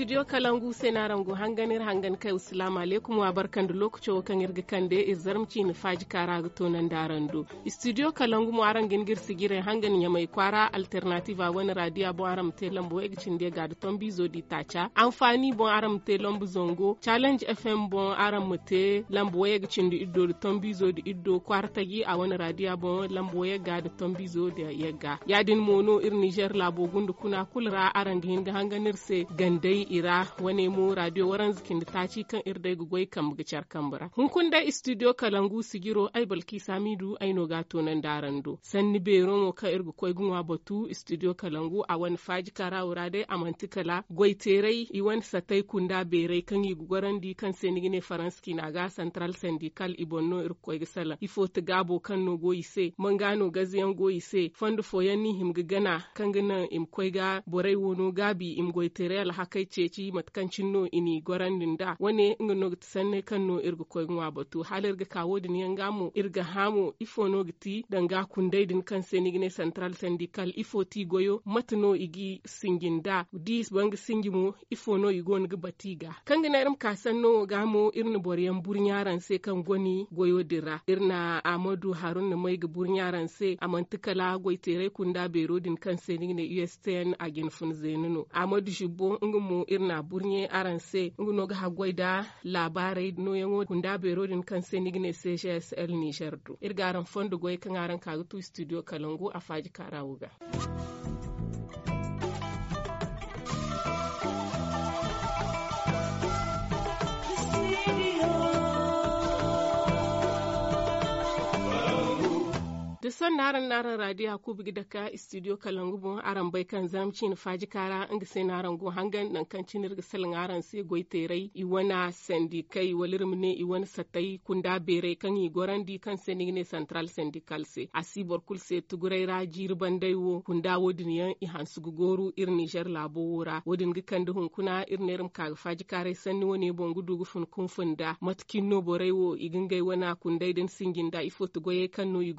studio kalangu rangu hanganir hangan kai assalamu alaikum wa barkan da lokacin wakan kan irga kan da ya zarmci ni faji kara ga tonan daren do studio kalangu mu aran gingir sigire hangan ya mai kwara alternativa wani radiyo bo aram te lambo gicin da ga ton bizo di tacha amfani bon aram te lambo zongo challenge fm bon aram te lambo gicin di iddo ton bizo di iddo kwarta gi a wani radiyo bon lambo ya ga da ton bizo da ya ga yadin mono ir niger labo gundu kuna kulra aran gingir hanganir se gandai ira wani mu radio waran zikin da ta ci kan irdai gugwai kan bugicar kambura hun kun dai studio kalangu sigiro ai balki samidu ai no gato nan darando sanni be romo ka irgu koi gunwa batu studio kalangu a wani faji wura dai mantikala goi terai iwan satai kunda berai kan yi gugoran di kan senigine faranski na ga central syndical ibonno irkoi gisala ifo gabo kan no goyi se man gano gaziyan goyi se fondo foyan ni himgigana kan gana imkoi ga borai wono gabi imgoi terai alhakai ceci matkancin no ini gwarandin dinda wane inga no gita sanne kan no irga koy ngwa batu halar ga kawo din yanga mu irga hamu ifo no giti danga kundai din kan gine central syndical ifo ti goyo matno igi singin da dis bang singi mu ifo no igo ngi batiga kanga na irim kasan no gamo irni boriyan burnyaran se kan goni goyo dira irna amadu harun na mai ga burnyaran se amantikala goitere kunda berodin kan gine ustn agin fun zenuno amadu shibbo ngumu irna burnye aranse nguno ga hagwaida labarai no yango kunda berodin kan se nigne CGSL Niger do irgaran fondo goy kan aran tu studio Kalangu a Karawuga. son naran naran radio ku bugi daga studio Kalangubo aran bai kan na faji kara inga sai naran go hangan nan kan cinir ga salin aran sai goi terai i wana syndikai ne i wani satai kunda bere kan i gorandi kan senig ne central syndical se asibor kul sai tugurai ra jirban dai wo kunda wodin yan i hansu gogoru irin Niger labo wura wodin ga kan duhun kuna ka faji kare sanni woni bongu dugu fun kun funda matkin no borai wo igingai wana kundai din singin da ifo tugoye kan no i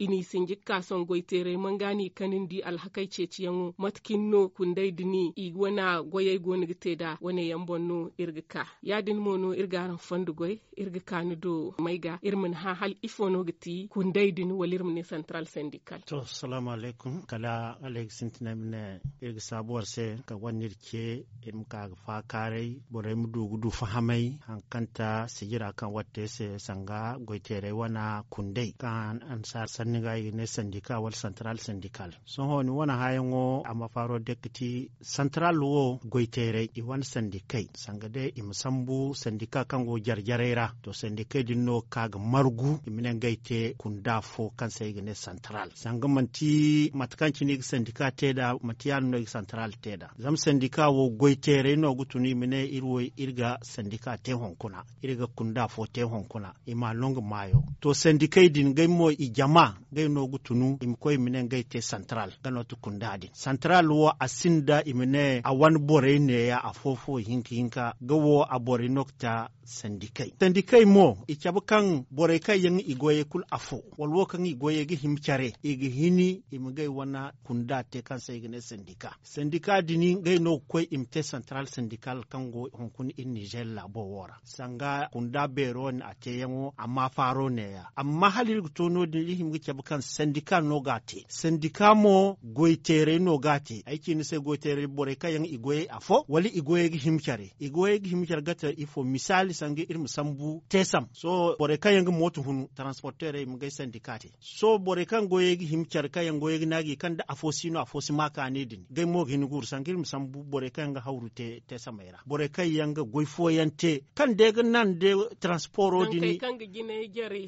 ni ini singi son goitere mangani kanin di alhakai ceciyan matkin no kundai dini i wana goyai gite da wane yambon no irgika yadin mono irgaran goy irgika ni do maiga irmin ha hal no giti kundai dini walir mini central syndical to salamu alaikum kala alex sintina mine irga sabuwar se ka wanir ke ka fa kare bore mu dugu du fahamai hankanta sigira kan watte se sanga goitere wana kundai kan ansar san ga ne syndicat wal central syndical so ho ni wona hayen wo a mafaro dekti central wo goitere i wan syndicat sangade i musambu syndicat kango jarjarera to syndicat no kaga margu minen gaite kunda fo kan sai ne central sangamanti matkanci ni syndicat teda matiyano no central teda zam sindika wo goitere no gutuni mine irwo irga syndicat te honkuna irga kunda fo te honkuna ima long mayo to syndicat din gaimo i jama kunda no nogu tunu imko imine ngai te central gano tu kunda central wo asinda imine awan bore ne ya afofo hinka ga a bore nokta sendikai. sendikai mo ichabu kan bore kai yang igoye kul afo walwo kan igoye gi himchare igi hini imgai wana kunda te kan sai gine sendika sandika dini ngai no koi imte central syndical kan go hunkun in Niger la wora sanga kunda bero a ate yango amma faro ne ya amma halil tono dini yake bukan kan sendika nogate sendika mo goitere nogate aiki ni se goitere bore yang igoye afo wali igoye gi himkare igoye gi himkare gata ifo misali sange irmu sambu tesam so bore kayan yang motu hunu transportere mu gai sendikate so bore kan goye gi himkare yang goye gi nagi kan da afo sino afo si maka ne din gai mo gi nugur sange irmu sambu bore ka ga hauru te tesam era bore kayan yang goifo yante kan de gnan de transporto dini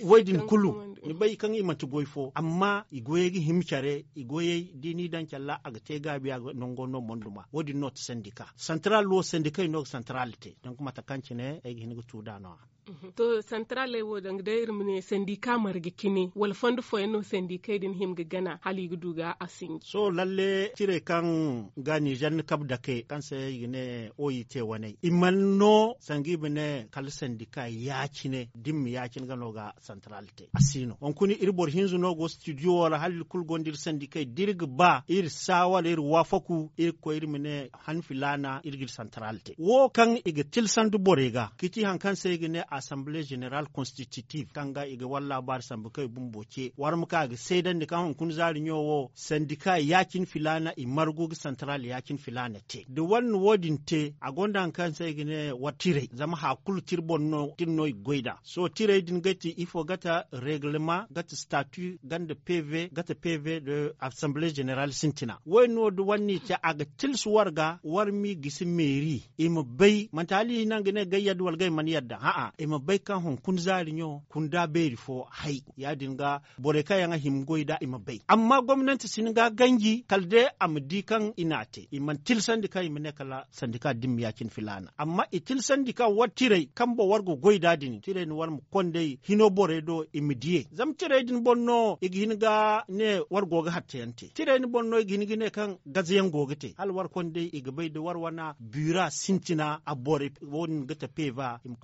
wadin kulu ni bai kan imatu goy koy fo amma igoyegi himcare igoye dini dan calla aga tega biya nongo no monduma wodi not syndicat central lo syndicat no centralité donc mata kancine egi hingo tudanoa to centrale wo dang dair mine sendika marge kini wal fond fo eno sendika din him gana hali guduga asing so lalle tire kan gani jan kab dake kan se yine yite wane imanno sangi ne. kal sendika ya cine dim ya cin gano ga centralite asino on kuni irbor hinzu no go studio wala hal kul gondir sendika dirg ba ir sawal ir wafaku ir ko ir mine han filana irgir centralite wo kan igatil sandu borega kiti han kan se yine assemblée générale constitutive kanga iga walla bar sambu kai bumbo war muka ga sai dan da kan kun zari nyowo syndicat yakin filana i margo central yakin filana te da wannan wodin te a kan sai gine watire zama ha kul tirbon no tinno goida so tire din gati ifo gata reglement gata statut ganda pv gata pv de assemblée générale sintina wai no da wanni ta aga tils warga warmi gisi meri im bai mantali nan gine gayyad wal gay man yadda ha'a ima bai kan hon kun zari nyo kun da beri fo hai ya dinga bore ka yanga himgo ida ima bai amma gwamnati sin ga ganji kalde am di kan inate iman til sandika ne kala sandika dim yakin filana amma itil sandika watire kambo wargo goida din tire ni war mu konde hino bore do imidie zam tire din bonno iginga ne wargo ga hatteyante tire ni bonno iginga ne kan gaziyan gogite hal war konde igbai da war wana bura sintina a won gata peva im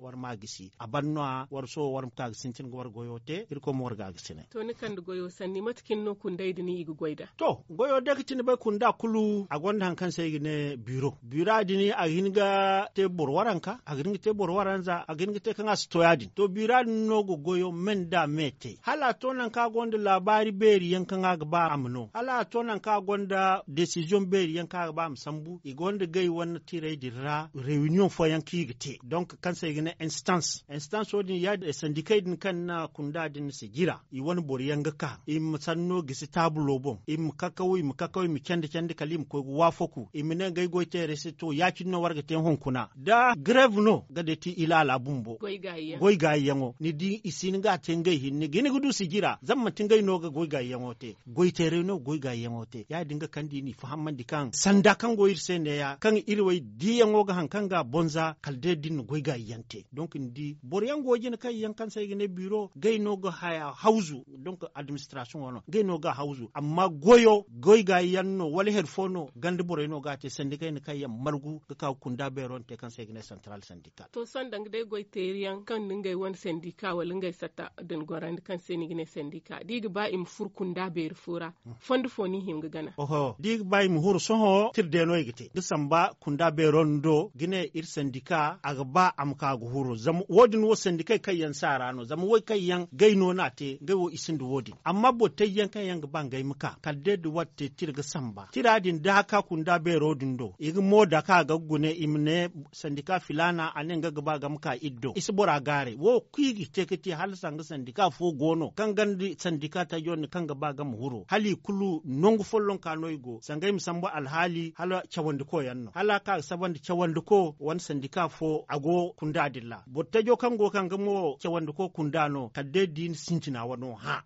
war magisi abannoa war so war mtag sintin goyo goyote irko mor gisine to ni kan goyo sanni matkin no kun dai dini igu goida to goyo da kitin ba kun da kulu a gonda kan sai gine biro bira dini a hinga te bor waranka a ginga te bor waranza a ginga te kan astoyadin to bira no go goyo men da mete hala to nan ka gonda labari beri kan aga ba amno hala to nan ka gonda decision beri kan aga ba sambu i gonda gai wannan tire dirra reunion fo yanki gite donc kan sai gine instance instance wadin ya sandikay din kan na kunda din gira i wani yanga ka i sanno gisi tabulo bon im kakawo mu kakawo mu kende kende kalim ko wafoku im ne gai go resi to ya kinno warga ten hon kuna da grave no de ti ilala bumbo goy gayi goy gayi yango ni di isin ga hin ni gini gudu zan ma zamma gai no ga goy gayi yango te goy re no goy gayi yango te ya dinga kandi ni fahamman kan sanda kan goyir ne ya kan irwai di yango ga hankanga bonza kalde din goy gayi yante donc ndi bor yan gojin kai yan kan ne biro gay no ga haya hauzu donc administration wono gay no ga hauzu amma goyo goy ga yanno wala her fono gandi bor no ga te syndicat ne kai yan margu ga ka kunda beron te kan sai ne central syndicat. to san de goy te riyan kan ningai won syndicat wala ngay sata den goran kan sai ne syndicat diga ba im kunda ber fura hmm. fond foni him ga gana oho diga ba im hur soho tirde no yigite samba kunda beron do gine ir syndicat aga ba am ka guhuru no zamu wodin wo sendi kai kai yan sara no zamu wai kai yan gaino na te gai wo isin du wodi amma bo te yan kai yan ban gai muka kadde du watte tirga samba tiradin da ka kun da be rodin do igi mo da ka gaggune gune imne sandika filana anen ga gaba ga muka iddo isbora gare wo kuigi te kiti hal sanga sandika fo gono kan gandi sandika ta yon kan gaba ga muhuro hali kulu nongu follon ka noigo sangai musambo alhali hala chawandiko yanno hala ka sabandi chawandiko wan sandika fo ago kunda adilla botta jo kango kanga mo cewande ko kundano kadde din sintina wano ha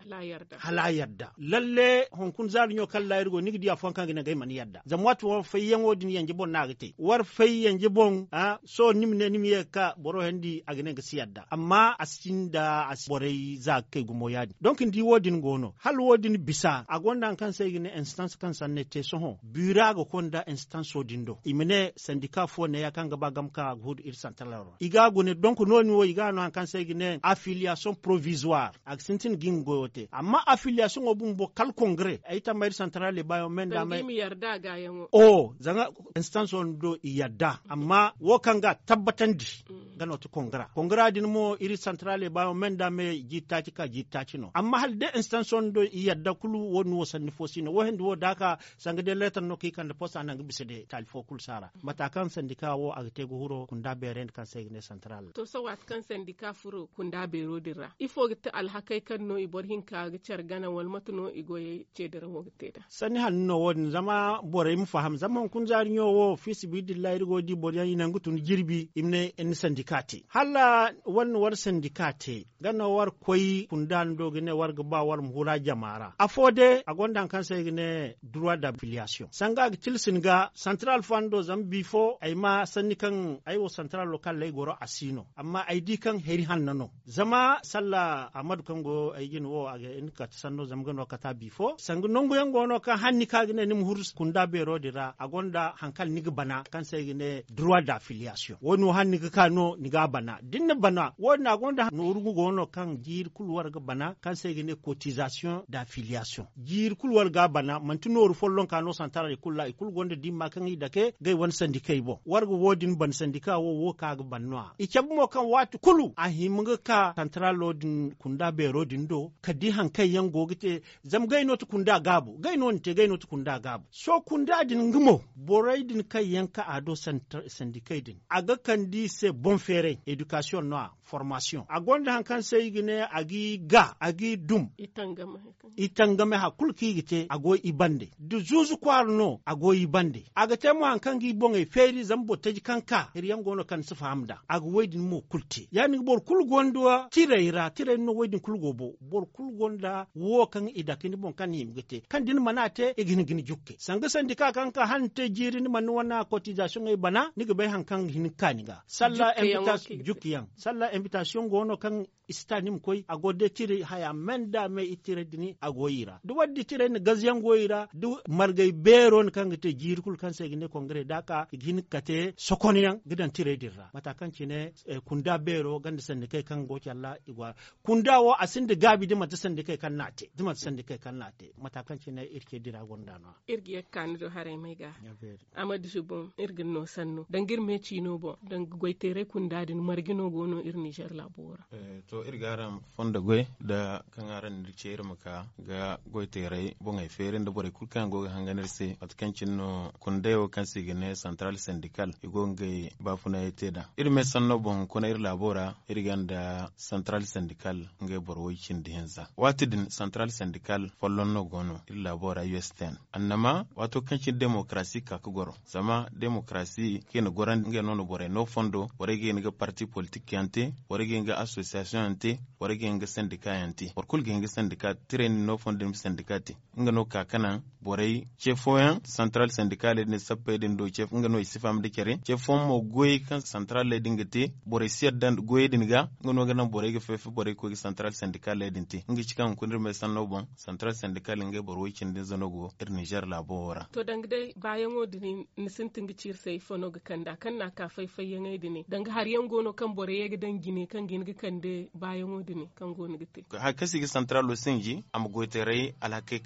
hala yadda lalle hon kun zari nyo kala yirgo nigi dia fon kanga ngai man yadda zam watu war fay yango din yanje bon nagate war fay yanje bon ha so nimne nimye ka boro hendi agene ngi siyadda amma asinda as asborei za kai gumo yadi donc ndi wodin gono hal wodin bisa agonda kan sai gine instance kan sanne te so ho burago konda instance odindo imene syndicat fo ne yakanga bagam ka gud ir santalaro igago ne donc noni wo yiga no hankan segi ne affiliation provisoire ak sintin gingo te amma affiliation go bumbo kal congrès ayita maire centrale bayo men da mai yarda ga yango o zanga instance on do yarda amma wo kanga tabbatan di gano to congrès congrès din mo iri centrale bayo men da mai jita ka jita no amma hal de instance on do yarda kulu wo wo sanni fosino wo hen wo daka sanga de letter no ki kan de posta nan bisede talfo kul sara matakan sandika wo agtego huro kunda beren kan segi ne Mm. to so wat kan sendika furo kunda bero i ifo gita alhakai kan no ibor hinka ga chargana wal matno igoye cedera wo da. sani hanno won zama bore mu faham zama kun jari yo wo fi go di bor yan nangu tun girbi imne en sendikati halla won war sendikati ganno war koyi kundan do gine war ba war muhura jamara afode agondan kan sai gine droit d'affiliation sanga tilsin ga central fando zambi fo ayma kan aywo central local lay goro asino no amma ay di kan heri hanna no zama salla amadu kango ay gin wo aga in ka sanno zamga no kata bifo sangu nongo yango no ka hanni ka gine nim hurs kunda be rodira agonda hankal nig bana kan sai gine droit d'affiliation wonu hanni ka no niga bana dinne bana wonu agonda no go no kan jir war ga bana kan sai gine cotisation d'affiliation jir war ga bana no ru follon kano santara ikulla ikul gonda dimma kan idake gai wan syndicat bo go wodin ban syndicat wo wo ka ga banwa ike mo kan watu kulu a himinga ka tantara lodin kunda be rodin do ka di hankai yan gogite zam gaino tu kunda gabu gaino te gaino tu kunda gabu so kunda din ngumo borai din kai yanka ado sandikai din aga kan di se bon fere education noa formation a gonda hankan kan sai gine agi ga agi dum itangame itangame ha k'i gite ago ibande du zuzu kwarno ago ibande aga temo han kan gi e feri zambo taji kanka riyan gono kan su famda aga wai wadin mo kulti yani bor kul tira ira tira no wadin kul gobo bor kul gonda wo kan ida kin bon kan him gete kan din manate e gin gin jukke sanga sandi ka kan ka hante jirin man wana cotisation e bana ni be han kan hin kaniga salla invitation jukkiyan salla invitation gono kan istanim koy agode tire haya menda me itire dini agoyira du waddi tire ni gazyan goyira du margay beron kan te jirkul kan segne gine kongre daka gin kate sokoniyan gidan tire dirra matakan cine Eh, kunda bero ganda kai kan goki Allah igwa kunda wo asin da gabi dima ta kai kan nate dima ta kai kan nate matakan ce na irke dira gonda no irgi yakkan do hare mai ga amadu subon irgin no sanno girme ci no bo dan goitere kunda din margino gono ir Niger labora eh, to irgaram fonda goy da kan aran dirce irma ka ga goitere bon ai e ferin da bore kulkan go hanganar se no cinno kundayo kan sigine central syndical igongai bafuna yete da irme sanno bon kan iri labora irigan da central syndical ngai borwo kindi wati din central syndical follon no gono ir labora us 10 annama wato kanci demokrasi ka goro zama demokrasi kena goran nge nono bore no fondo bore ge nga parti politique yante bore ge nga association yante bore ge nga syndicat yante bor kul nge nga syndicat ni no fondo syndicati nge no kakana boray cefoyan central syndicale ne sappe den do cef ngano sifam de kere cefon mo goy kan central dinga gate boray siyad dan goy din ga ngano gana boray ga fefe boray ko central syndicale din te ngi kan kunir me sanno bon central bor ngai boroy kin zono go er Niger bora to dang de bayan ni nisin tingi cir sey fono ga kanda kan na ka faifai yangai dini dang har yan gono kan boray ga dan gine kan gine ga kande bayan dini kan gono gite ha kasi ga central lo sinji am ke alhakai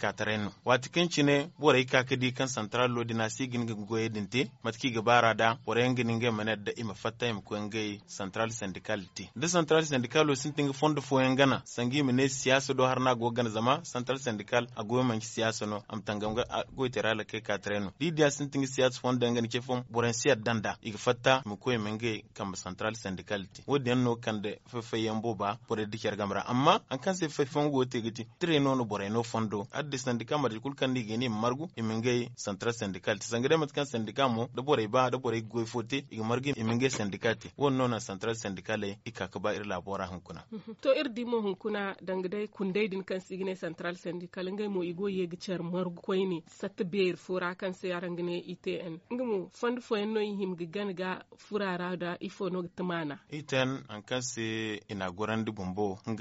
wat kan cine ne bore ka kadi kan central lo dina si gin goye yedinte matki gabara da bore ngin nge mene da ima fatta im ko nge central syndical ti da central syndical lo sin tinga fondo fo ngana sangi mene siyasa do harna go gan zama central syndical a goye man siyasa no am tangam ga go terala ke ka treno di dia sin tinga siyasa fondo ngani ke fom bore siya danda iga fatta im ko menge kam central syndical ti wodi no kande fefe yambo ba bore dikyar gamra amma an kan se fefe ngo te giti treno no bore no fondo ad de syndical madikul kan digi ni margu imingai central syndical tisangire matkan syndical mo da bore ba da bore goy fote igmargi imingai syndicate wonno nona central syndicale ikaka ba ir labora hunkuna mhm. to ir dimo hunkuna dangdai kundai din kan signe central syndical ngai mo igo yeg cer margu koy ni sat beer fura kan se yarangne itn ngmo fand fo enno him gigan fura furara da ifo no tmana itn an kan se ina gorandi bombo an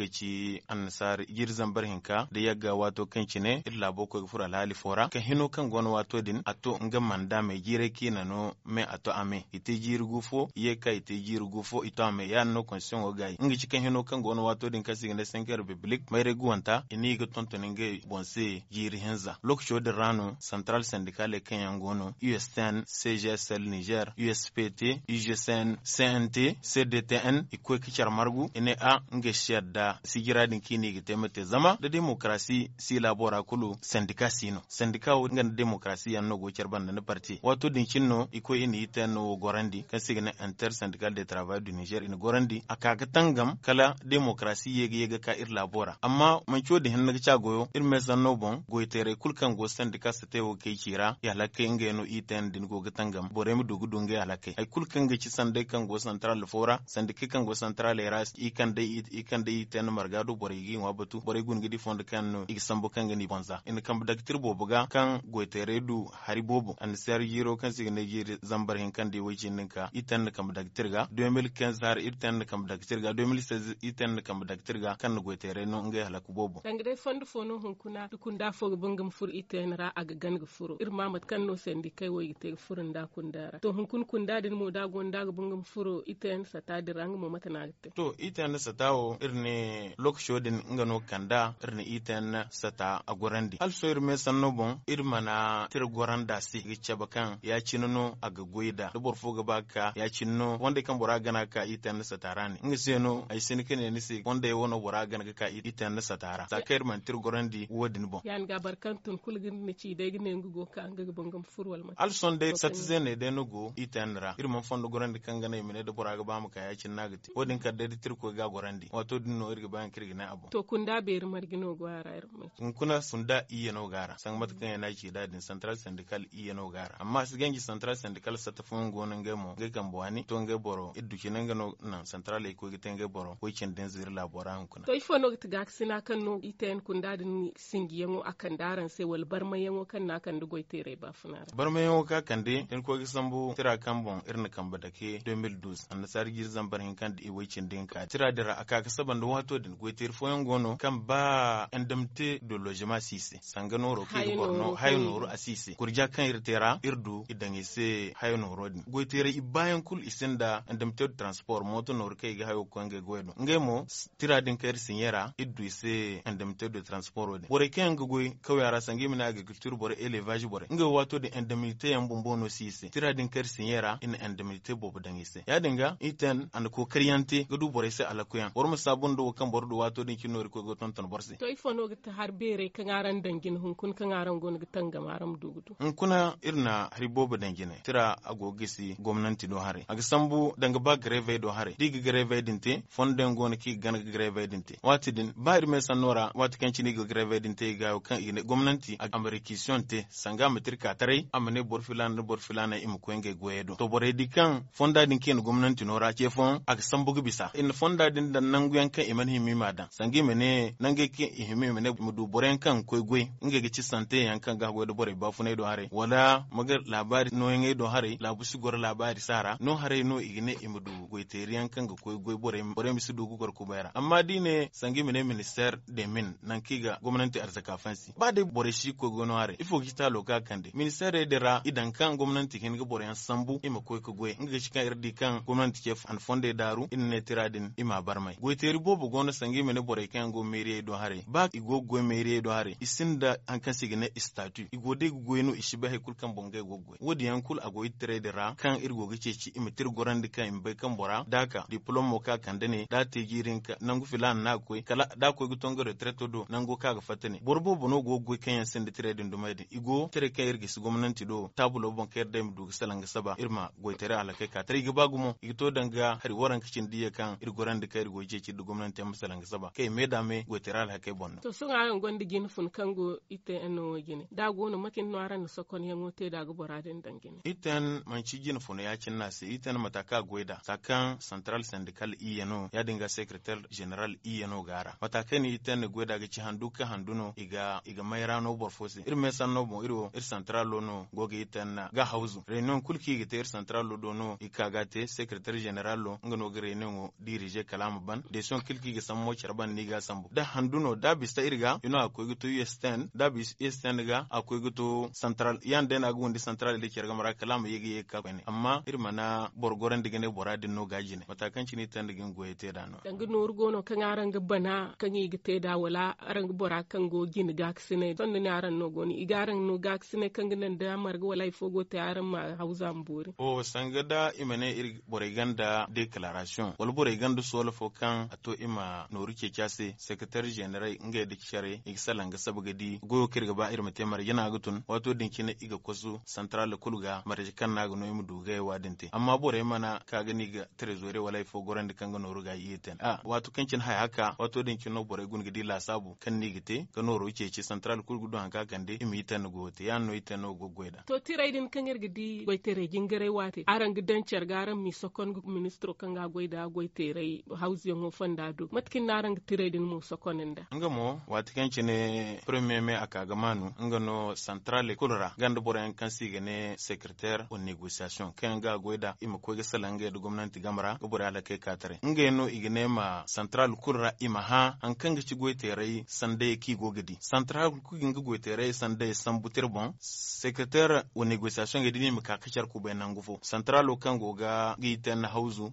annasar yirzan barhinka da yagga wato kanci ne ir labo ko fura lali fora ke hinu kan gon wato din ato nga manda me jire ki nano me ato ame ite jirgu fo ye ka ite jirgu fo ito ame ya no konsen o gai ngi cikin hinu kan gon wato din kasi ne senke republic mai reguwanta ini ga tonto ninge bonse jiri henza lokcho de rano central syndicale kenya ngono USN CGSL Niger USPT UGSN CNT CDTN ikwe kichar margu ine a nge shiyadda sigira din kini ga temete zama da demokrasi si labora kulu sindika sino sendika wo ngan demokrasi yan no gocer banda ne parti wato din chinno iko ini ita no gorandi kasig na inter syndical de travail du niger in gorandi akaga tangam kala demokrasi yege yege ka ir labora amma man ciwo da hin na cha goyo ir mesan no bon goitere kulkan go sendika sete wo ke kira ya la ke nge no iten din go ga tangam bore mi dugu dunge ya la ke kulkan ga ci sande kan go central fora sendika kan go central era ikan i ikan dai iten margado bore gi wa batu bore gun gidi fond kan no igsambo kan ga ni bonza in kam daktir bo buga kan goiteredu haribobo an sayar yiro kan sigi na gir zambar hin kan de waje ninka itan kam daktirga 2015 har itan kam daktirga 2016 itan kam daktirga kan goitere no ngai halaku bobo dai fond fono hun kuna da fo bungum fur itan ra aga gan furo ir mamat kan no sendi kai wo te furin da kundara to hun kun kunda din mu da gon da bungum furo itan sata mata na matana to itan satawo irne lokshodin ngano kanda irne itan sata agorandi also me sanno no bon ir mana tir goran da si ga ceba kan ya ci nono a ga goida da borfo gaba ka ya ci nono wanda kan bora gana ka ita na satara ne in sai no ai sin ni sai wanda ya wono bora gana ka ita na satara ta kai man tir goran di wodin bon yan ga barkan tun gin ni ci dai ne ngugo ka an ga bangam furwal ma al son dai satize ne de no go ita ra ir man fondo goran di kan gana ne da bora ba mu ka ya ci gati wodin ka da tir ko ga goran di wato din no irga ban kirgina abu to kun da ber margino ara ir kun kuna sunda iya no gara san mata kan yana ki da din central syndical iya no gara amma su gangi central syndical sa ta fun gonin gamo ga gambo ani to ga boro iddu ki ga no na central e ko ga ten ga boro ko kin din zir labora han kuna to ifo no ta ga sina kan no iten kun da din singi yango akan daran sai wal barma yango kan na kan dugo tere ba funa barma yango ka kan de in ko ga sambu tira kan bon irin kan ba da ke 2012 an nasar sar girzan barhin kan da e wicin din ka tira dira aka ka saban da wato din goitir foyan gono kan ba endemte do logement sise sangano roke ir borno haynoro eh. asise kurja kan irtera irdu idan se haynoro din goy tera ibayan kul isenda ndemted transport moto nor kay ga hayo konge goydo ngemo tira din kair sinyera iddu ise ndemted de transport din bore kan ga goy yara sangi mina na agriculture bore elevage bore nge wato de indemnité yan bombono sise tira din kair sinyera in indemnité bobo dangi se. ya dinga iten and ko karyante gadu bore se alakuyan bor musabun do kan bor do wato din kinori ko goton ton borse to ifono no gita har bere kan aran dangin hunkun kan karan gon tanga maram dugudu in kuna irna haribobo dangine tira agogisi gwamnati do hare aga sambu danga ba greve do hare diga greve dinte fonde gona ki gan greve dinte wati din ba irme sanora wati kan chini greve dinte ga kan ine gwamnati a amerikison te sanga mitir tare. amane borfilan no borfilan im nge gwedo to bore dikan fonda din ken gwamnati nora ke fon aga sambu gibisa in fonda din dan nan guyan kan iman ma dan sangi mene nange ke ihimi mene mudu boren kan kwegwe inge gici san te yankan ga go do bore ba fune do hare wala magar labari no yangai do hare la busi gor labari sara no hare no igine imudu go teri yankan ga koy goy bore bore mi sudu gor ko bayra amma dine sangi mine minister de min nan kiga gwamnati arzaka fansi ba de bore shi ko go no hare ifo kita loka kande minister de ra idan kan gwamnati kin ga bore yan sambu ima koy ko goy ngi shi kan irdi kan gwamnati ke an fonde daru in ne tiradin ima barmai go teri bobo gono sangi mine bore kan go meriye do hare ba igo go meriye do hare isinda an kan gine istatu igode goyeno ishibahe kul kan bongai gogwe wodi yankul agoyi tredera kan irgo gice ci imitir gorandi kan imbe kan bora daka diplomo ka kandene da tegirin ka nangu filan na koy kala da koy gutongo retreto do nangu ka ga fatane borbo bono gogwe kan yasin de trading dumadi igo tere kan irgi su gwamnati do tabulo bon kair dem du salanga saba irma goitere ala kai ka tare giba gumo igito danga hari waran kicin diya kan irgoran da kai goje ci da gwamnati salanga saba kai me da me goitere ala kai bon to sun ayon gondigin fun kango ite en no gine da gono makin no aran kon yango te da go boraden dangine iten man ci gin fono ya cin nasi iten mataka goida sakan central syndical iyeno ya dinga secretary general iyeno gara mataka ni iten ne goida ga ci handuka handuno iga iga mayra no borfosi ir mesan no bon iro ir central lo no go goge iten na ga hauzu renon kulki ga ter central lo dono ga te secretary general lo ngano ga renon dirije kalam ban de son kulki ga sammo charban ni ga sambo da handuno da bista irga yuno akoy gitu us 10 da bis east yan ga akwai gito central yan da na gundi central da kiyar gamara kalam yegi ye ka ne amma irma na borgoran diga ne no gajine matakan ci tan digin goye te da no dan gino urgo no kan aran bana kan yi gite da wala aran bora kan go gin gaksi ne ton ne aran no goni igaran no gaksi ne kan ginan da marga wala ifo go te aran ma hausa mburi o sangada imene ir boregan da declaration wal boregan du solo fo kan ato ima noru ke kyase secretary general ngai dikshare kishare iksalan sabgadi goyo kirga ba irin mate mara yana gutun wato dinki na iga kwasu central kulga mara kan na gano mu duga ya wadin te amma bore mana ka gani ga trezore walai fo goran da kan gano ruga yi yeten a wato kankin hay haka wato dinki na bore gun gidi la sabu kan ni gite gano ro ke ci central kulgu don haka kan de imi tan go te ya no iten no da to tirai din kan gidi goy tere gingare wate aran gidan cergaran mi sokon ministro kan ga goy da goy tere hausi ngo fanda do matkin naran tirai din mu sokon nda ngamo wato kankin ne premier me aka gama manu ngano centrale kulra ganda boren kansi gane secrétaire o négociation kenga goida ima kwege salange du gomnanti gamra gobore ala ke katare ngeno igene ma centrale kulra ima ha an kanga ci goite rai sande ki gogedi centrale ku ginga goite rai sande sambuter bon secrétaire o négociation gedi mi ka kacar ku be nangufo centrale kango ga giten hauzu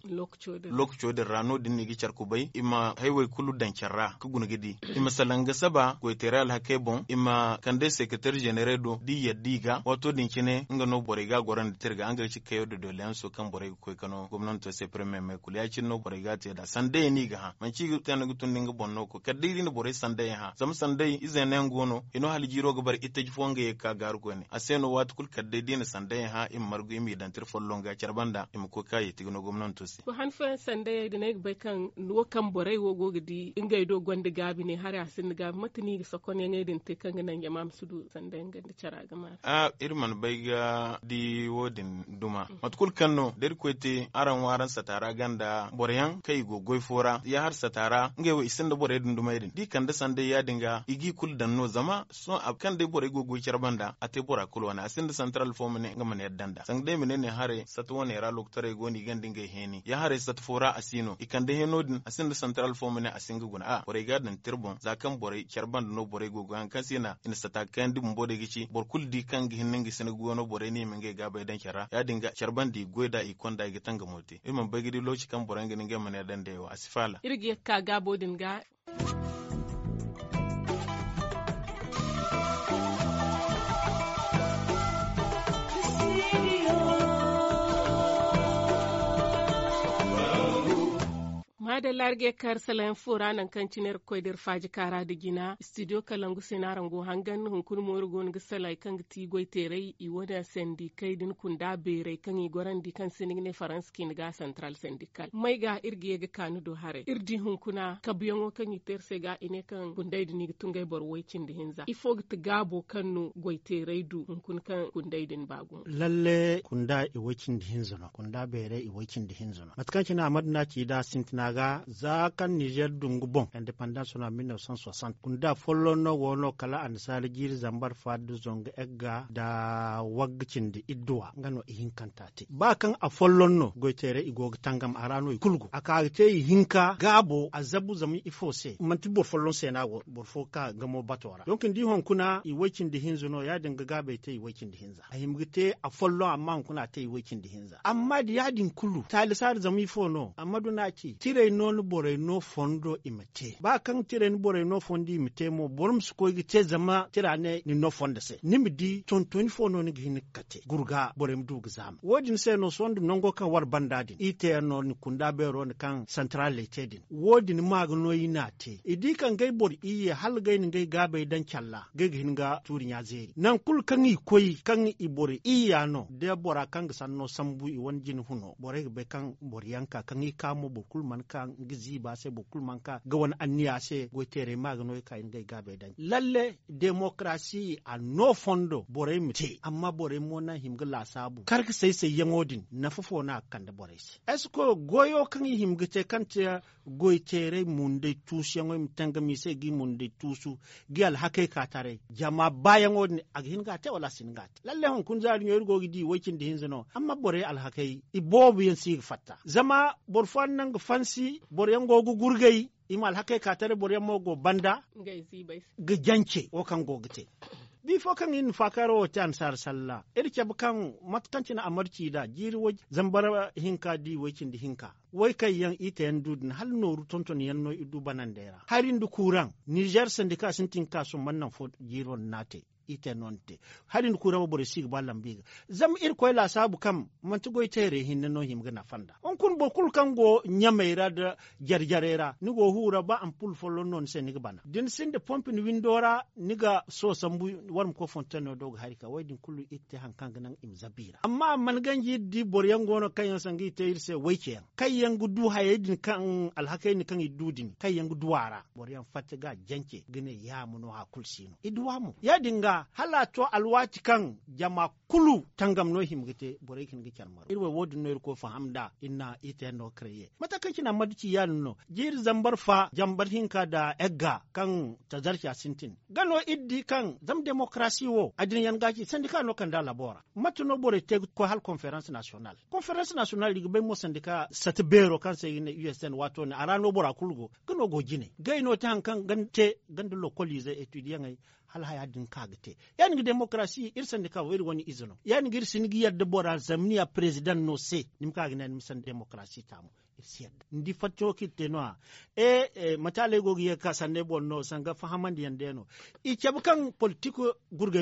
lok chode rano din gi char ima haywe kulu dan charra gedi ima salanga saba goite rai al hakebon ima kan de secretary general do di ya diga wato din kine nga no bore ga goran de terga anga ci kayo de dole so kan bore ko kano gwamnati to se premier me kuliya ci no bore ga te da sande ni ga ha man ci tan gutun dinga bonno ko kadiri ni bore sande ha zam sande izenen gono ino haljiro ga bar ita ji fonga ye ka gar ko ne aseno wat kul kadde dina sande ha im margu imi dan ter follonga charbanda im ko to ko han fa sande de ne bai kan no kan bore wo go ingay do gonde gabi ne har asin gabi matini ga sokon ne din te kan mamsudu sandan ganda charaga mar a irman baiga di wodin duma matkul kanno der kwete aran waran satara ganda boryan kai go goy fora ya har satara nge we isanda bore dun duma idin di kanda sande ya dinga igi kul dan no zama so ab kan de bore go goy charbanda ate bora kul kulwana asinda central form ne ngam ne danda sang de menene hare satwa ne ra loktare go ni gandin nge heni ya hare sat fora asino ikande henodin asinda central form ne asinga guna a bore gadan tirbon zakan bore charbanda no bore go gan kasina insa sata kan di bode de gici bor kul kan gi hinnin gi sene gono bore ni min ge ga bay dan kera ya dinga charban di goida i konda gi tanga multi man bagidi lochi kan borangi ninge mane dan wa asifala irgi ka gabo dinga da large kar salayan fura nan kan cinar koidar faji kara da gina studio kalangu senaran go hangan hunkun morgo ngi salay kan ti goy tere i wada syndicat din kunda bere kan i goran di kan sinig ne france kin ga central syndical mai ga irgi ga kanu do hare irdi hunkuna kabiyongo kan i terse ga ine kan kundai din tungay bor way di hinza fog git gabo kanu goy tere du hunkun kan kundai din bagun lalle kunda i cin di kun kunda bere i cin di hinzuna matkan kina madna ki da sintina daga zakan niger dungu bon independence na 1960 kunda follow no wono kala an sarigir zambar fadu zonga egga da waggicin da idduwa ngano ihin kantati ba kan a follo no goitere igo tangam arano ikulgu aka te hinka gabo azabu zamu ifose follow se na go bor foka gamo batora donc ndi hon kuna iwakin di hinzo no ya dinga gabe te iwakin di hinza ahimgite a follow amma kuna te iwakin di hinza amma di yadin kulu talisar zamu ifo no amma duna ki tire bore no fondo imite ba kan tire ni no fondi imite mo borum su koy te zama tira ne ni no fonda se nimi di ton ton fo no ni gini kate gurga borem du gzam wodin se no sondo nongo kan war bandadin ite no ni kunda bero ni kan central letedin wodin magno yina te idi kan gai bor iye hal gay ni gay gabe dan challa gay gini ga turi nya zeri nan kul kan i koy kan i bore iya no de bora kan no sambu i won jin huno bore be kan bor yanka kan i kamo bor man ka kan gizi ba sai bo kulman ka ga wani anniya sai go tere magano ka ga gabe dan lalle demokrasi a no fondo bore mu te amma bore mo na himga la sabu kar ka sai sai yamodin na fofo na kan da bore shi esko goyo kan himga te kan te go tere munde tusu yango tanga mi sai gi munde tusu gi al hake ka tare jama bayan odin a ga te wala sin gat lalle hon kun zari yoyir gogi di wakin da hinzano amma bore al hake ibobu si fatta zama borfan nan fansi boryan gogu gurgai imal hake tare boryan mogo banda ga jance o kan gogite bi fo kan in fakaro wata ansar salla irke bukan matkanci na amarci da jiri zambara hinka di wakin di hinka wai kai yan ita yan dudin hal noru tonton yan no idu banan da harin du kuran niger sindika sun tinka sun mannan fo jiron nate ite nonte hari ni kurama bore sig ballam biga zam ir koy la sabu kam man to goy tere hinne no himga na fanda on kun bo kul kan go nyameira da jarera ni go hura ba am pul folo non se ni bana din sin de pompe ni windora ni ga so sambu warm ko fontano dog harika way din kullu itte han kan nan im zabira amma man ganji di bor yangono kan yan sangi te irse weke kay yangu du hayedin kan alhakai ni kan idudin kay yangu duwara bor yang fatiga jenke gine ya no ha kulsino idwamu ya dinga hal'a to alwati kan jama kulu tangam no himgite borek gi kyarmar irwe wodi no ko fahamda inna ite no kreye mata kan kina madici yan no jir zambar fa jambar hinka da egga kan tazarki sintin. gano iddi kan zam demokrasi wo adin yan gaki sindika no kan da labora matu no bore te ko hal conference national conference national ligi be mo sandika satbero kan sai ne usn wato ne arano bora kulgo gano go gine gaino tan kan gante gandulo kolize etudiyan ai hal haya din kagte yani demokrasi irsan de ka wani woni izono yani gir gi yadde boral zamniya president no se nim kagne nim san demokrasi tamu siyadda ndi fatto kitte noa e, e matale gogi ye kasande bonno sanga fahamandi no i keɓe kan politique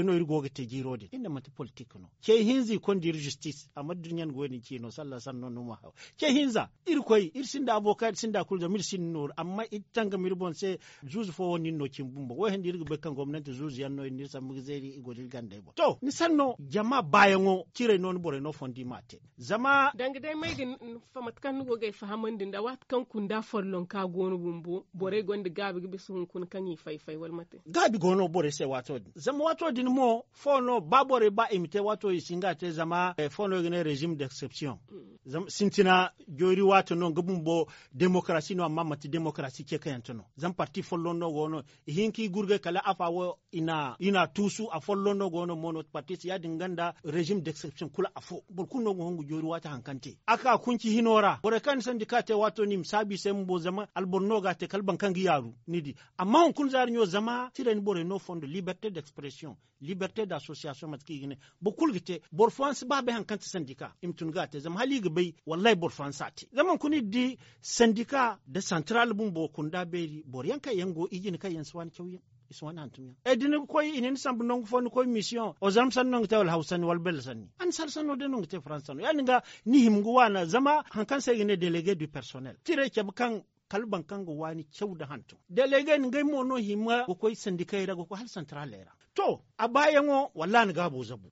no irgo goge jirode inda mata politiko no che hinzi kondir justice amma dunyan goni kino sallah no numa ha che hinza ir koy ir sinda avocat sinda kulja mir sin nur amma itanga mir bon se juju fo woni no kimbumba wo hen dirga be kan gomnati juju yanno ni samugzeri igolil gande bo to ni sanno jama bayango kire non bore no fondi mate zama dangdai mai famat kan go fa fahamandin da wat kan kun da forlon ka gonu bumbu bore mm. gonda gabi gibi hun kun kan yi faifai wal mate gabi gono bore se wato zama wato din mo fono ba bore ba imite wato singa te zama eh, fono gene regime d'exception mm. zama sintina jori wato non gubun bo demokrasi no amma mati demokrasi ke kayan tuno zam parti forlon no gono hinki gurge kala afa wo ina ina tusu a forlon no gono mono parti ya dinganda regime d'exception kula afo bul no gongo jori wato hankante aka kunki hinora bore kan kandi wato ni msabi sem bo zama alborno ga te kalban kangi yaru nidi amma on kun zari nyo zama tira ni bore no fond liberté d'expression liberté d'association matki gine bo kulgite bor france ba be han kan syndicat imtun ga te zama hali bai wallahi bor france ati zaman kuni di syndicat de central bun bo kunda beri bor yanka yango igin ka yan swani i suwan han tumya e eh, dini koy inin sambu nong fon koy mission o zam san nong tawal hausan wal bel san an sar san no te france san yani nga ni himgu na zama hankan sai ne délégué du personnel tire ke kan kalban kan go wani kyau da hantu délégué ngai mono himma ko koy syndicat ra go ko hal central to a bayan wa walla ni gabo zabu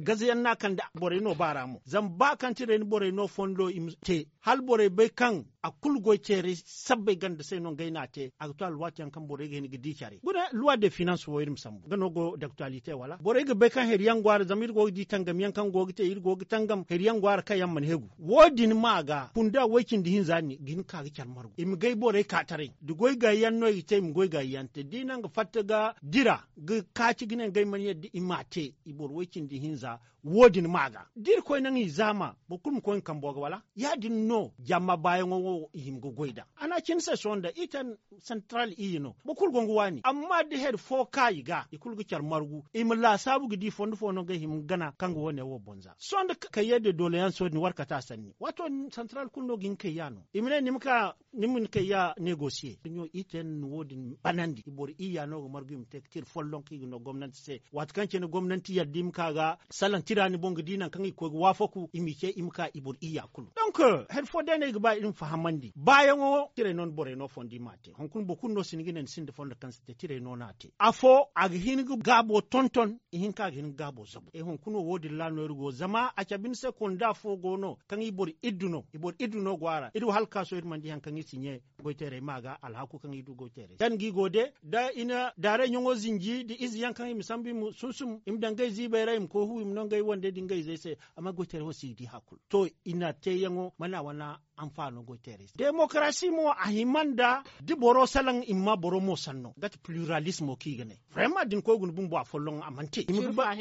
gaziyan nakan da da bore no bara mu zan ba kan tire ni bore no fondo im te hal bore be kan a kul go chere sabbe gan da sai non gaina te actual wati an kan bore gani gidi cari. guda loi de finance wo irim sambu gano go d'actualité wala bore ga be kan heriyan gwar zamir go di tangam yan kan go gite ir go gitangam heriyan gwar yan man hegu wodin ma ga kunda wakin dihin zani gin ka ga kyar margo im gai bore ka tare du goy ga yan no ite im goy ga yan te dinan ga fatta ga dira ga kaci ginen gai man imate iborwakin di hinza wodin maga dir ko nan izama bokum ko kan boga wala ya din no jamma bayan wo him go goida ana kin se sonda itan central i no kul go wani amma de head fo kai ga ikul go margu imla sabu gidi fondo fono ga him gana kango wone wo bonza sonda kayede dole yan so ni warka ta sanni wato central no gin kai yano imne nimka nimun kai ya negotiate nyo iten wodin banandi ibor iya no margu im tek tir follon ki no gomnati se wat kan gomnati ya dim kaga salan kirani bongo dinan kangi ko wafo ku imike imka ibur iya kulu donc euh, hen fo dene bay dum fahamandi bayango tire non bore no fondi mate hon kun bokun no siniginen sinde fonda kan site tire no nate afo ag hingu gabo tonton hin ka hin gabo zabu e hon kun wodi lano rugo zama a bin se kon da fo no kangi bor iduno ibor iduno gwara idu halka so mandi han sinye isinye tere maga alhaku du idu tere dan gi gode da ina dare nyongo zinji di izi yan kan imisambi mu sunsum imdangai zibe rai ko hu imnongai wonde dingai zai zey se ama gotere sidi to ina yango mana wana go teres. Demokrasi mo a himanda di boro salan imma boro mo sanno gati pluralisme ki gane. vraiment din kogun bum bo a follon amante imugba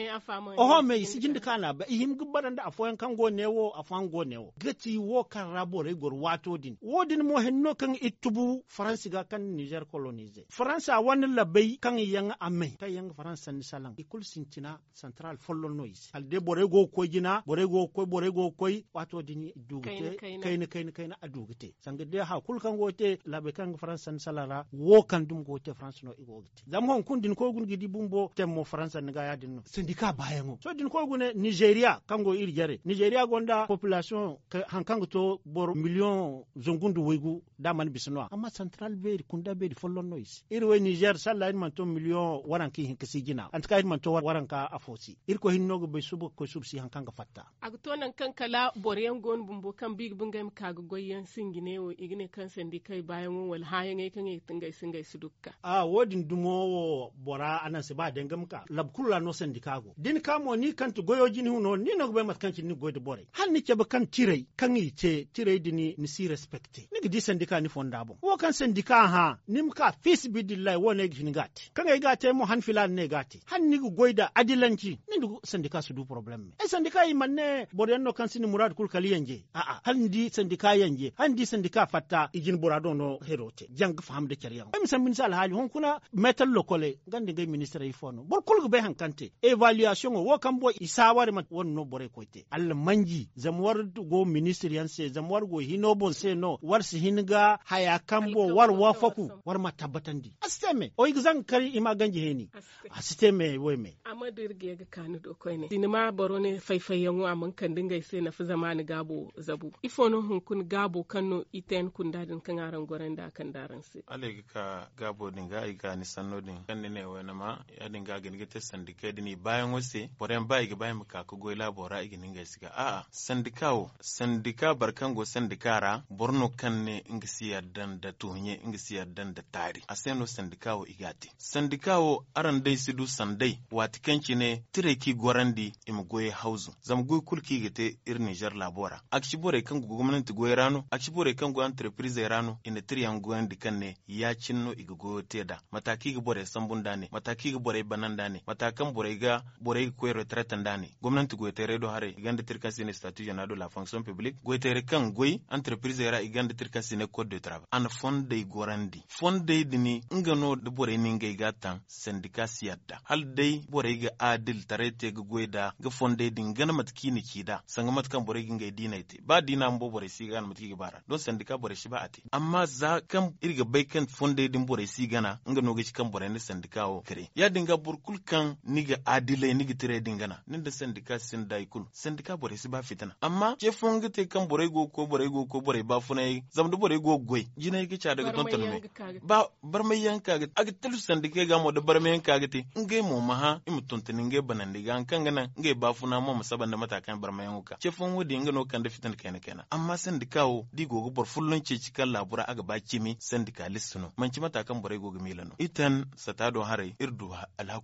oho me jindi kana ba ihimgba danda a foyan kango newo a fango newo gati wo kan rabore gor wato din wo din mo henno kan itubu france ga kan niger coloniser france a wani bay kan yang ame ta yang france ni salan ikul sintina central follon noise al de bore go ko jina borego ko bore go wato din dugute kayne kayne kaina kaina a dugite sanga de ha kulkan gote labe kan france san salara wo kan dum gote france no igo gote zam hon kun din ko gun gidi bumbo temmo france ni ga ya din no sindika bayango so din ko gune nigeria kango ir jare nigeria gonda population hankango to bor million zongundu wegu daman bisno amma central be kunda be follon noise irwe niger salla in to million waranki hin kisigina antka in manto waranka afosi irko hinnogo be subo ko subsi hankanga fatta to nan kankala boryen gon bumbo kan big bungam ka aga goyen gine wo igne kan sandi kai bayan won wal hayan ai kan tingai singai su dukka a wodin dumo wo bora anan se ba dengam ka labkulla no sandi kago din kamo ni kan tu goyo jini huno ni no be mat kan ni goyde bore han ni ke kan tirei kan yi ce tirei dini ni si respecte ni gidi sandi ka ni fonda bon wo kan sandi ka ha nim ka fis bidillahi wo ne gini gati kan ai gate mo han filan ne gati han ni goyda adilanci ni du sandi ka su du problem e sandi ka yi manne bore no kan sini murad kul kaliyan je a a han di sandi ka yanje han disen ka fatta ijin burado no herote jang famde keriyan mi san min sal hali hon kuna metal lokole gande ngay ministre ifono bor kulgo be han kante evaluation wo kambo isawar ma won no bore koite al manji zam war go ministre yan se zam war go hinobo se no war si hinga haya kambo war wafaku war ma tabbatandi asteme o igzan kari ima ganji heni asteme we me amadir ge ga kanu do koine dinima borone faifayen wa man kan dinga se na fi zamani gabo zabu ifono hun kun gabo kanno iten kun dadin kan aran goren da kan daran se ale ka gabo din ga ga ni sanno din kan ne wani ma ya din ga gin gita sandika din bayan wase boren bai ga bayan ka ko goila bora igin ga siga a a sandikawo sandika barkan go sandikara borno kan ne inga siya dan da tuhunye inga siya dan da tari a seno sandikawo igati sandikawo aran dai sidu sandai watikanci ne tireki gorandi imgoye hauzu zamgoy kulki gite irin jar labora akshi bore kan gwamnati gwe rano a cibore go entreprise erano ina tiriyan goyandi kan ne ya chinno iga goyo teda mataki ga bore sambun mataki ga bore banan dane matakan bore bore ga koyo retraite dane gwamnati go do hare iganda tirkan sine statut jana do la fonction publique go tere kan goy entreprise ra iganda tirkan sine code de travail an fonde gorandi de dini ngano de bore ninge ga tan syndicat siyadda hal de bore ga adil tarete ga da ga fond din gana matkini kida sanga matkan bore ga dinaite ba dina mbo bore siga mutu mutiki bara don sandi ka bore shi ba a te amma za kan irga bai kan fonde din bore si gana nga noga shi kan bore ne ka o kare ya dinga burkul kan niga adile niga tire da sandi ka sin da dai kul ka bore si ba fitana amma je fonga te kan bore go ko bore go ko bore ba funai da bore go goy jina yake cha daga don talume ba bar mai yanka ga aga sandi sandika ga mo da bar mai yanka ga te ngai mo ha imu tuntuni ngai banandi ga kan gana ngai ba funa mo musaban da matakan bar mai yanka je fonga dinga no kan da fitan kenan kenan amma sindikawo di gogo bor fullon ceci kan labura aga ba kimi sindikalist no manci matakan borai gogo mila no itan satado hare irdu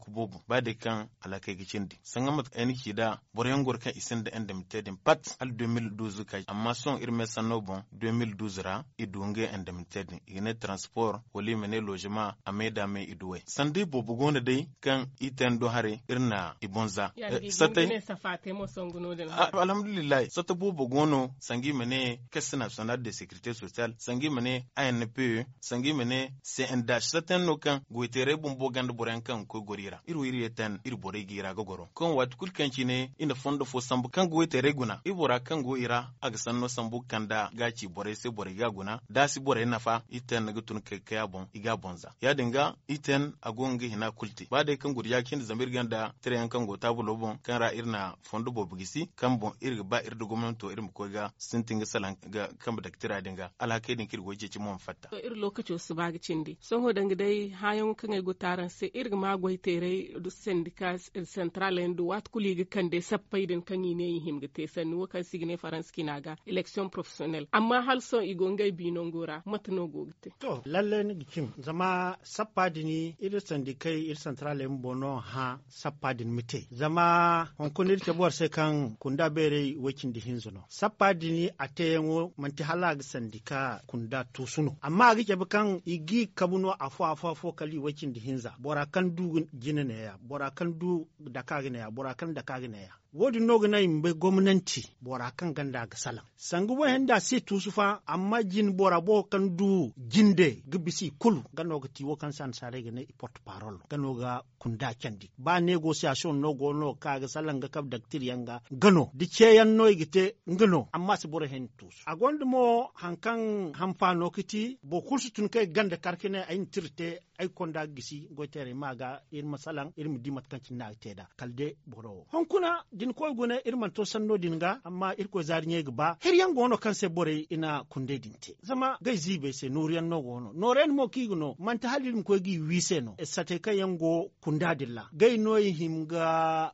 bobu ba de kan alakai gicindi sanga mat en hida da gor kan isin da endem tedin pat al 2012 kai amma son irme sanno bon 2012 ra idunge endem tedin ine transport wali mene logement ameda me iduwe sande bobu gona dai kan itan do hare irna ibonza eh, satai ah, alhamdulillah sata bobu gono sangi mene mene Caisse nationale de sécurité sociale sangi mené ANP sangi mené CNDH certain no kan bon bumbo gande boran kan ko gorira iru iru eten iru bore gira gogoro kon wat kul kan cine ina fondo fo sambu kan goitere guna ibora kan go ira aga sanno sambu kan da gachi bore se bore ga guna dasi bore nafa iten ga tun ke kaya bon iga bonza ya dinga iten agongi hina kulti ba de kan guriya kin zamir ganda tren kan go tabulo bon kan ra irna fondo bobugisi kan bon irga ba irdu gomnato irmu ko ga sintinga sala nan ga kamba da tira dinga alhaka din kirgo je ci mun fatta ir lokaci su ba ga cin di. son ho danga dai hayan kan ai gutaran sai ir ma goy tere du syndicats syndicat eh, central en du wat kuli ga kan dai sappai din kan ne him ga te san wo kan signe france kina ga election professionnel amma hal son igo ngai binon gora go gite. to lalle ni kim zama sappa dini ir syndicat ir central en bono ha sappa din mite zama hon kunir tabuwar sai kan kunda bere wakin dihin zuno sappa dini ate wo manti halag sandika kunda tusuno amma agi kebi bukan igi kabuno afo afo afo kali wakin di hinza bora kan du gine ne ya bora kan du dakagi ya bora kan ya wodi nogu na imbe gwamnati bora kan ganda ga salam sangu bo henda se tusufa amma jin bora bo kan du jinde gbisi kulu gano ga tiwo kan san sare ga ne porte parole gano ga kunda kandi ba negotiation no go no ka ga salam ga kab daktir yanga gano di ce yan no igite ngano amma se bora hen tusu agondo mo hankan hampa no kiti bo kursu tun kai ganda karkine ayin tirte ay konda gisi tere maga ir masalan ir mi dimat kan cinna teda kalde boro honkuna din ko gune irman to sanno ga amma irko zarnye gba her gono kan se bore ina kunde te zama gai zibe se nuriyan no gono noren mo kigno man ta halin ko gi wise no e sate kai go kunda dilla gai noyi himga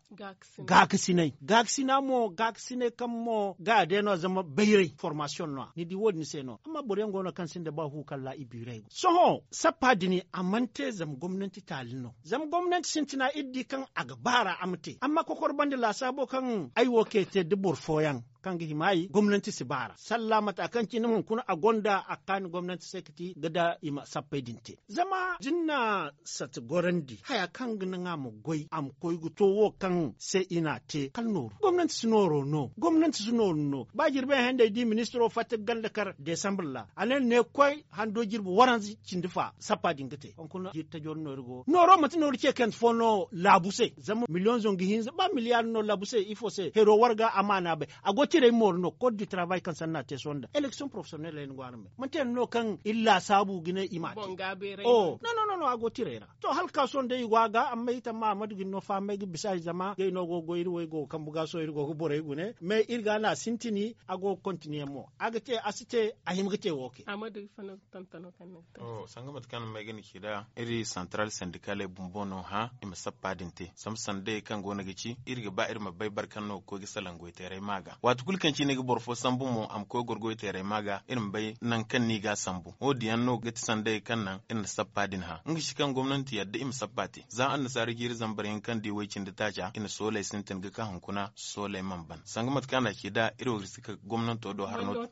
gaksinai gaksina mo gaksine kam mo ga de no zama bayrai formation no ni di wodi se no amma bore yango ono kanse da ba hu kala ibirai soho sappa dini amante zam gwamnati talino zam gwamnati sintina iddi kan agbara amte amma kokor bandi lasa abokan kan aiwo ke te foyan kangi himayi gwamnati si bara salla matakan ci namun kuna agonda akan gwamnati sekiti gada ima sape dinte zama jinna sat gorandi haya kangi nga mu goi am koygu to wo kan se ina te kalnoru gwamnati noro no gwamnati noro no ba jirbe hende di ministro fatte ganda kar december la alen ne koy hando jirbu waranzi chindifa sappa dingete. on kuna jirta jorno go. noro matinoro che kan fono labuse zama miliyon zongi hinza ba miliyar no labuse ifo se hero warga amana be agote cire no code du travail kan sanna te sonda election professionnelle en gwarme manten no kan illa sabu gine imati bon gabe oh no no no no ago tire tirera to halka sonde yi waga amma ita ma amadu ginno fa mai gi bisai zama gai no go go ir we go kam buga so ir go go bore gune me irga na sintini ago continue mo aga te asite ahim gite woke amadu fana tantano kan ne oh sanga mat kan mai gini kida iri central syndicale bumbono ha ima sappadinte sam sande kan gona gici irga ba irma bai barkan no ko gi salangoy tere maga wat tukul kan chine gbor fo sambu mo am ko gorgo tere maga irin bai nan kan ni ga sambu o diyan no gati sande kan nan in sappa din ha ngi shi kan gwamnati yadda im sappati za an giri zambar yan kan di wai da taja in sole sintin ga kan kuna sole man ban sanga mat kana ke da iro risika gwamnati do harno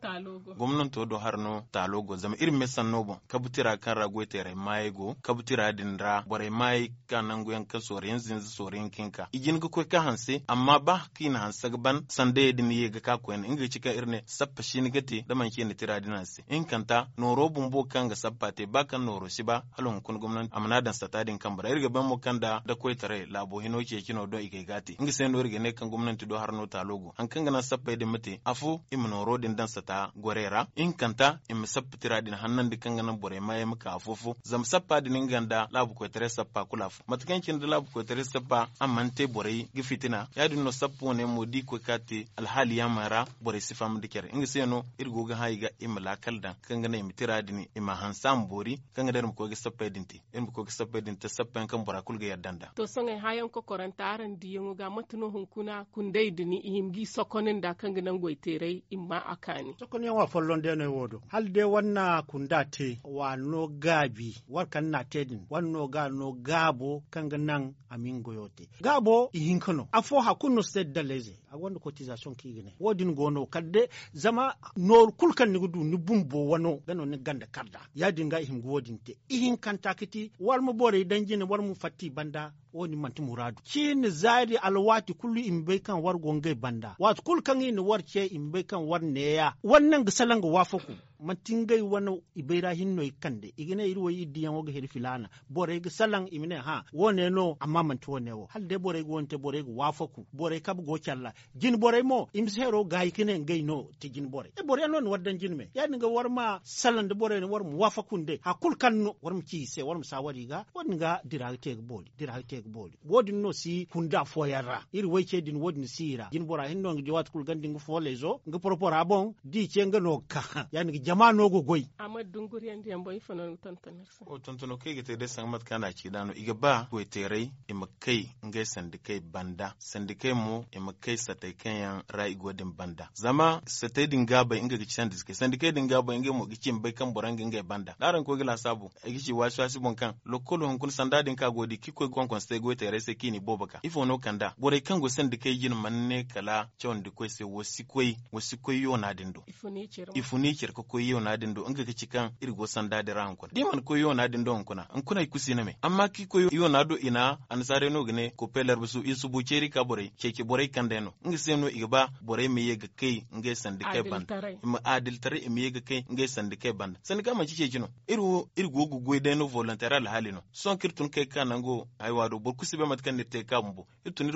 gwamnati do harno talogo zama irin mesan nobo kabutira kan rago tere go kabutira din ra bore mai kan nan goyan kan zin zinzi soren kinka igin ko ka hanse amma ba kina hansa ban sande din ye ga ka in ga chika irne sappa shini gati da man ni tira dina se in kanta noro bumbo kanga sappa te ba kan noro shi ba halon kun gwamnati amana dan din kan bara irga ban kan da da koi tare labo hino ke kino do ike gati inga sen irga ne kan gwamnati do harno ta logo an kanga na sappa da mate afu im noro din dan sata gorera in kanta im sappa tira din hannan di kanga nan bore ma muka afofu zam sappa din da labo koi tare sappa kulafu matakan kin da labo koi tare sappa amman te bore gifitina ya dinno sappo ne modi ko kati alhali yamara bore sifam dikere inga seno irgo ga haiga imla kalda kanga na imitira dini ima hansam bori kanga der mko ga sappe dinti en mko ga sappe dinti sappe kan bora kulga yaddanda to songa hayan ko korantaran diyo ga matuno hunkuna kundai dini imgi sokonen da kanga nan goitere imma akani sokonin wa follon de ne wodo hal de wanna kundate wa no gabi war kan na tedin wanno ga no gabo kanga nan amin goyote gabo ihinkono afo hakuno sedda leze agwanda cotisation kigine wodingono kadde zama no kulkanigu du ni bum bo wano beno ni gande karda yadi nga ihim wodinte ihin kanta kiti warmo bore dañjine warmo fatti banda woni manti muradu kini zari alwati kullu imbe kan war gonge banda wat kul kan ni war che imbe kan war neya wannan gisalan ga wafaku mantingai wani ibeira hinno kande igine irwo yiddi yan woga hedi filana bore ga salan imine ha wone no amma man to ne wo halde bore go wonte bore go wafaku bore kab go challa jin bore mo imsero gai kine ngai no ti jin bore e bore non waddan jin me yani ga warma salan de bore ne warmu wafakunde hakul kan no ci ki se warma sawari ga wonga diragte boli diragte ek bol wodin no si hunda foyarra iri weke din wodin sira gin bora hin ngi jiwat kul gandi ngu fole zo ngi propora bon di ke no ka yani ngi jama no go goy amma dungur yandi yambo ifano tontoner sa o tontono ke gete de sang mat kana ci dano iga ba go terei e makai nge sandikai banda sandikai mo e makai satai kanyan rai godin banda zama satai din gaba inga gici sandikai sandikai din gaba inga mo gici mbai kan borangi nge banda daran ko gila sabu gici wasu wasu bon kan lokolo hon kun sandadin ka godi kiko gon sai go rai sai kini bobaka ifo no kanda bore kango sen de kai yin manne kala chon de ko se wosi koy wosi koy yo na dindo ifo ne cer ko yo na dindo an ga kan irgo san da de ran ko man koy yo na dindo an kuna an kuna kusi ne me amma ki koy yo na do ina an sare no gne ko pelar busu isu bu ceri ka bore keke bore kande no ga se no igba bore me yega kai ngi san de kai ban ma adil tare me yega kai ngi san de kai ban san ga ma ci ce jino irwo irgo gugu de no volontaire al halino son kirtun kai kanango ai wado bor kusibe mat kan te kambo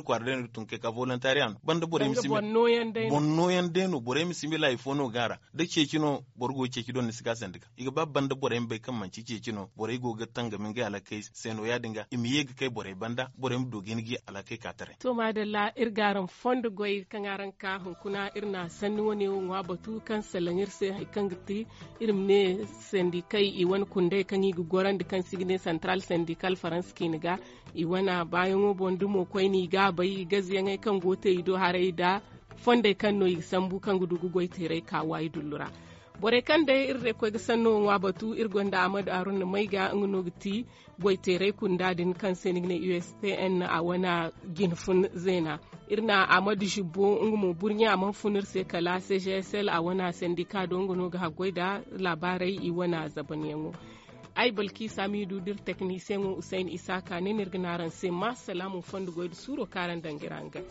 kwar den tun ke ka volontarian banda bore misi bonno yande yande no bore misi mi lai fono gara da ke kino borgo ke kidon ni siga sendika iga bab banda bore mbe kan man manci ke kino bore go ga tanga min ga alakai seno ya dinga imi ga kai bore banda bore mu dogin gi ka tare to madalla irgaran fondo goy kangaran ka hun kuna irna sanni woni wa batu kan salanyir sai hay kan gti irim ne sendikai i won kunde kan yi goran de kan signe central syndical france kiniga i mana bayan dumo kwai ni ga bayi gaziyan kan gote ido harai da fonde kan no sambu kan gudugu goy tere ka wayi dulura. bore kan da irre ko ga sanno wa batu irgonda amadu arun mai ga ngno gti goi tere kun din kan senig ne USPN a wana gin fun zena irna amadu shibbo ngumo burnya amon funir se kala CGSL a wana sindika don ngno ga goida da labarai i wana zabaniyo ay balki samidu dir technicien o usain isaka nenirganaran ma salamu fandugoyde suro karan dangiranga